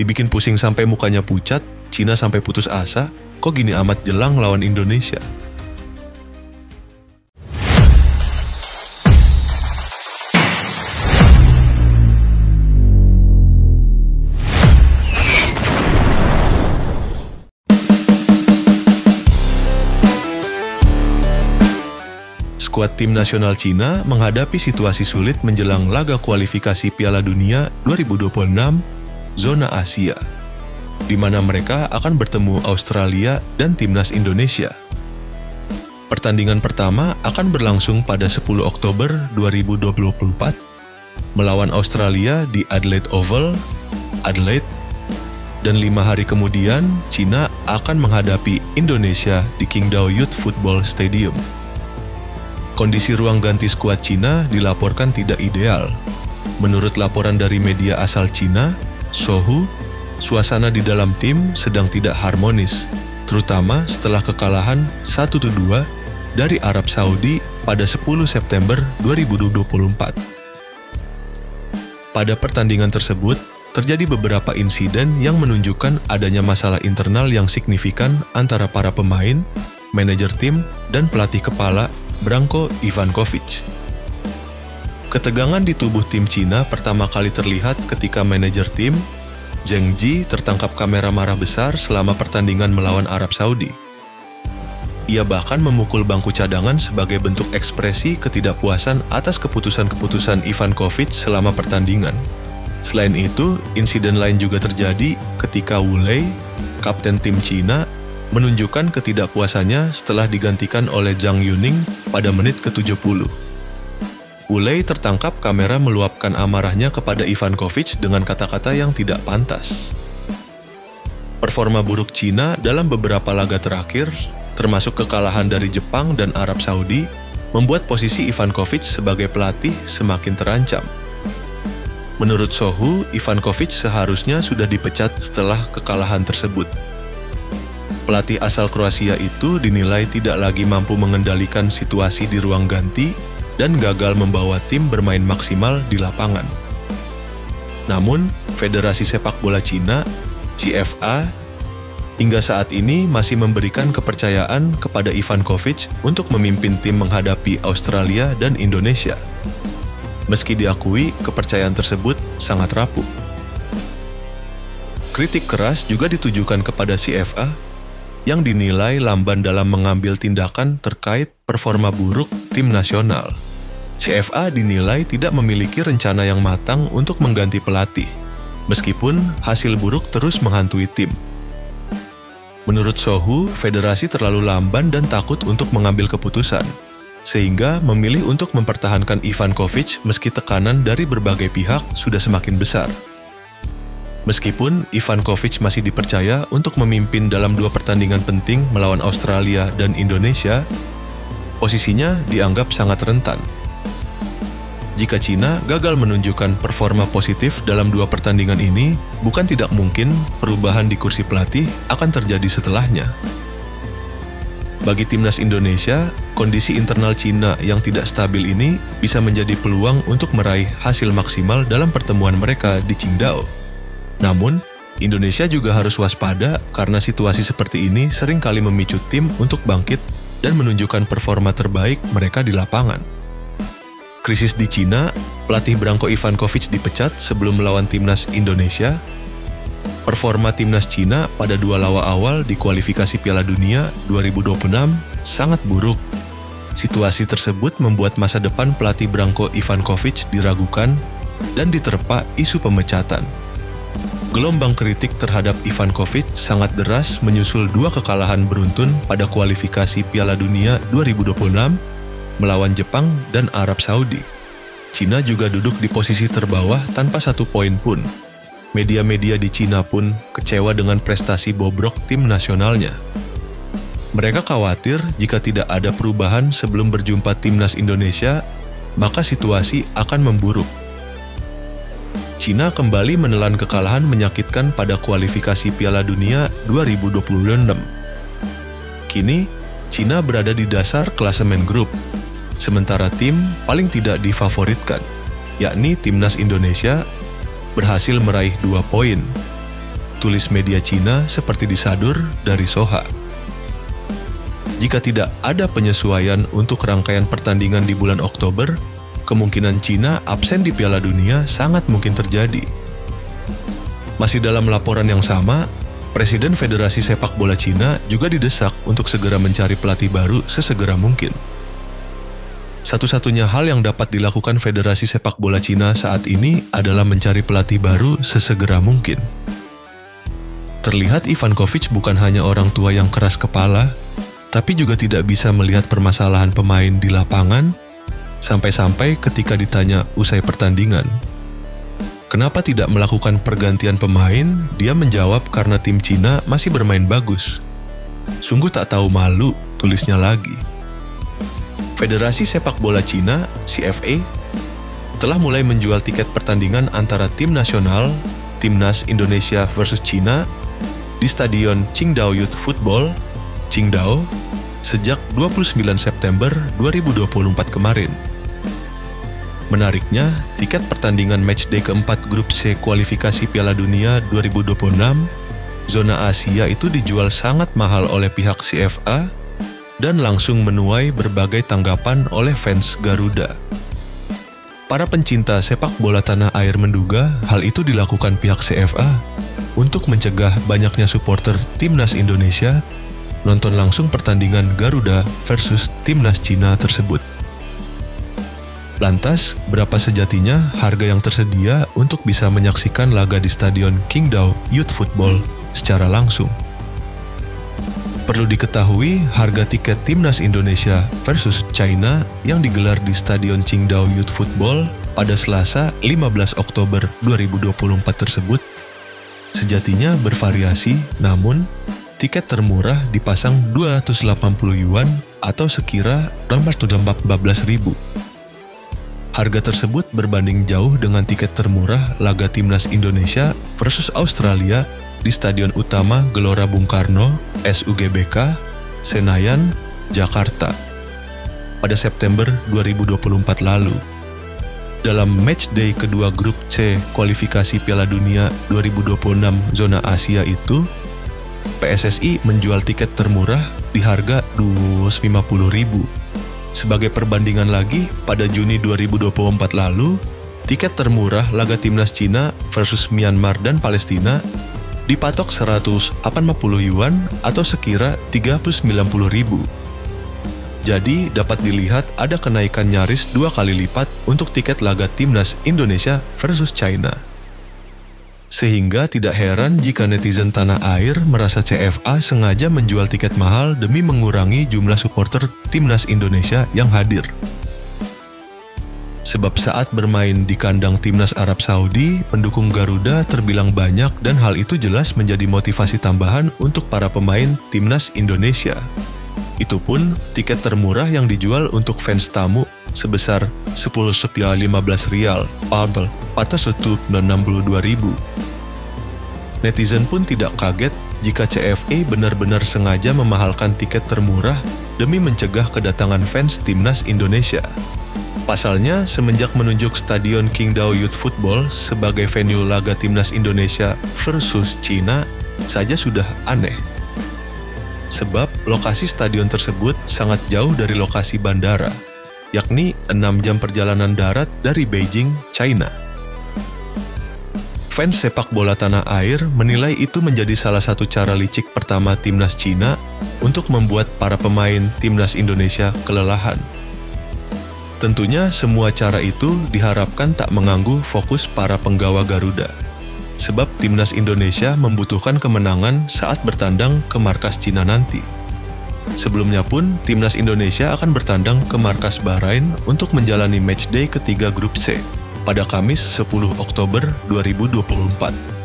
Dibikin pusing sampai mukanya pucat, Cina sampai putus asa, kok gini amat jelang lawan Indonesia? skuad tim nasional Cina menghadapi situasi sulit menjelang laga kualifikasi Piala Dunia 2026 zona Asia, di mana mereka akan bertemu Australia dan timnas Indonesia. Pertandingan pertama akan berlangsung pada 10 Oktober 2024 melawan Australia di Adelaide Oval, Adelaide, dan lima hari kemudian Cina akan menghadapi Indonesia di Qingdao Youth Football Stadium. Kondisi ruang ganti skuad Cina dilaporkan tidak ideal. Menurut laporan dari media asal Cina, Sohu, suasana di dalam tim sedang tidak harmonis, terutama setelah kekalahan 1-2 dari Arab Saudi pada 10 September 2024. Pada pertandingan tersebut, terjadi beberapa insiden yang menunjukkan adanya masalah internal yang signifikan antara para pemain, manajer tim, dan pelatih kepala Branko Ivankovic. Ketegangan di tubuh tim Cina pertama kali terlihat ketika manajer tim, Zheng Ji tertangkap kamera marah besar selama pertandingan melawan Arab Saudi. Ia bahkan memukul bangku cadangan sebagai bentuk ekspresi ketidakpuasan atas keputusan-keputusan Ivan Kovic selama pertandingan. Selain itu, insiden lain juga terjadi ketika Wu Lei, kapten tim Cina, menunjukkan ketidakpuasannya setelah digantikan oleh Zhang Yuning pada menit ke-70. Ulay tertangkap kamera meluapkan amarahnya kepada Ivankovic dengan kata-kata yang tidak pantas. Performa buruk Cina dalam beberapa laga terakhir, termasuk kekalahan dari Jepang dan Arab Saudi, membuat posisi Ivankovic sebagai pelatih semakin terancam. Menurut Sohu, Ivankovic seharusnya sudah dipecat setelah kekalahan tersebut. Pelatih asal Kroasia itu dinilai tidak lagi mampu mengendalikan situasi di ruang ganti dan gagal membawa tim bermain maksimal di lapangan. Namun, Federasi Sepak Bola Cina, CFA, hingga saat ini masih memberikan kepercayaan kepada Ivan Kovic untuk memimpin tim menghadapi Australia dan Indonesia. Meski diakui, kepercayaan tersebut sangat rapuh. Kritik keras juga ditujukan kepada CFA yang dinilai lamban dalam mengambil tindakan terkait performa buruk tim nasional. CFA dinilai tidak memiliki rencana yang matang untuk mengganti pelatih, meskipun hasil buruk terus menghantui tim. Menurut Sohu, federasi terlalu lamban dan takut untuk mengambil keputusan, sehingga memilih untuk mempertahankan Ivan Kovic meski tekanan dari berbagai pihak sudah semakin besar. Meskipun Ivan Kovic masih dipercaya untuk memimpin dalam dua pertandingan penting melawan Australia dan Indonesia, posisinya dianggap sangat rentan. Jika Cina gagal menunjukkan performa positif dalam dua pertandingan ini, bukan tidak mungkin perubahan di kursi pelatih akan terjadi setelahnya. Bagi timnas Indonesia, kondisi internal Cina yang tidak stabil ini bisa menjadi peluang untuk meraih hasil maksimal dalam pertemuan mereka di Qingdao. Namun, Indonesia juga harus waspada karena situasi seperti ini seringkali memicu tim untuk bangkit dan menunjukkan performa terbaik mereka di lapangan krisis di Cina, pelatih Branko Ivankovic dipecat sebelum melawan timnas Indonesia. Performa timnas Cina pada dua lawa awal di kualifikasi Piala Dunia 2026 sangat buruk. Situasi tersebut membuat masa depan pelatih Branko Ivankovic diragukan dan diterpa isu pemecatan. Gelombang kritik terhadap Ivankovic sangat deras menyusul dua kekalahan beruntun pada kualifikasi Piala Dunia 2026 melawan Jepang dan Arab Saudi. Cina juga duduk di posisi terbawah tanpa satu poin pun. Media-media di Cina pun kecewa dengan prestasi bobrok tim nasionalnya. Mereka khawatir jika tidak ada perubahan sebelum berjumpa timnas Indonesia, maka situasi akan memburuk. Cina kembali menelan kekalahan menyakitkan pada kualifikasi Piala Dunia 2026. Kini, Cina berada di dasar klasemen grup, Sementara tim paling tidak difavoritkan, yakni Timnas Indonesia berhasil meraih dua poin. Tulis media Cina seperti disadur dari Soha. Jika tidak ada penyesuaian untuk rangkaian pertandingan di bulan Oktober, kemungkinan Cina absen di Piala Dunia sangat mungkin terjadi. Masih dalam laporan yang sama, Presiden Federasi Sepak Bola Cina juga didesak untuk segera mencari pelatih baru sesegera mungkin. Satu-satunya hal yang dapat dilakukan Federasi Sepak Bola Cina saat ini adalah mencari pelatih baru sesegera mungkin. Terlihat Ivan Kovic bukan hanya orang tua yang keras kepala, tapi juga tidak bisa melihat permasalahan pemain di lapangan, sampai-sampai ketika ditanya usai pertandingan. Kenapa tidak melakukan pergantian pemain? Dia menjawab karena tim Cina masih bermain bagus. Sungguh tak tahu malu, tulisnya lagi. Federasi Sepak Bola Cina (CFA) telah mulai menjual tiket pertandingan antara tim nasional Timnas Indonesia versus Cina di Stadion Qingdao Youth Football, Qingdao, sejak 29 September 2024 kemarin. Menariknya, tiket pertandingan matchday keempat grup C kualifikasi Piala Dunia 2026 zona Asia itu dijual sangat mahal oleh pihak CFA dan langsung menuai berbagai tanggapan oleh fans Garuda. Para pencinta sepak bola tanah air menduga hal itu dilakukan pihak CFA untuk mencegah banyaknya supporter timnas Indonesia nonton langsung pertandingan Garuda versus timnas Cina tersebut. Lantas, berapa sejatinya harga yang tersedia untuk bisa menyaksikan laga di Stadion Qingdao Youth Football secara langsung? Perlu diketahui, harga tiket timnas Indonesia versus China yang digelar di Stadion Qingdao Youth Football pada Selasa 15 Oktober 2024 tersebut sejatinya bervariasi, namun tiket termurah dipasang 280 yuan atau sekira 614 ribu. Harga tersebut berbanding jauh dengan tiket termurah laga timnas Indonesia versus Australia di Stadion Utama Gelora Bung Karno, SUGBK, Senayan, Jakarta pada September 2024 lalu. Dalam matchday kedua grup C kualifikasi Piala Dunia 2026 zona Asia itu, PSSI menjual tiket termurah di harga Rp250.000. Sebagai perbandingan lagi, pada Juni 2024 lalu, tiket termurah laga timnas Cina versus Myanmar dan Palestina dipatok 180 yuan atau sekira 390 ribu. Jadi dapat dilihat ada kenaikan nyaris dua kali lipat untuk tiket laga timnas Indonesia versus China. Sehingga tidak heran jika netizen tanah air merasa CFA sengaja menjual tiket mahal demi mengurangi jumlah supporter timnas Indonesia yang hadir. Sebab saat bermain di kandang timnas Arab Saudi, pendukung Garuda terbilang banyak dan hal itu jelas menjadi motivasi tambahan untuk para pemain timnas Indonesia. Itu pun tiket termurah yang dijual untuk fans tamu sebesar 10 sekial 15 rial, pardon, patah setu 62 ribu. Netizen pun tidak kaget jika CFA benar-benar sengaja memahalkan tiket termurah demi mencegah kedatangan fans timnas Indonesia. Pasalnya, semenjak menunjuk Stadion Qingdao Youth Football sebagai venue laga timnas Indonesia versus Cina saja sudah aneh. Sebab lokasi stadion tersebut sangat jauh dari lokasi bandara, yakni 6 jam perjalanan darat dari Beijing, China. Fans sepak bola tanah air menilai itu menjadi salah satu cara licik pertama timnas Cina untuk membuat para pemain timnas Indonesia kelelahan. Tentunya semua cara itu diharapkan tak mengganggu fokus para penggawa Garuda. Sebab timnas Indonesia membutuhkan kemenangan saat bertandang ke markas Cina nanti. Sebelumnya pun, timnas Indonesia akan bertandang ke markas Bahrain untuk menjalani matchday ketiga grup C pada Kamis 10 Oktober 2024.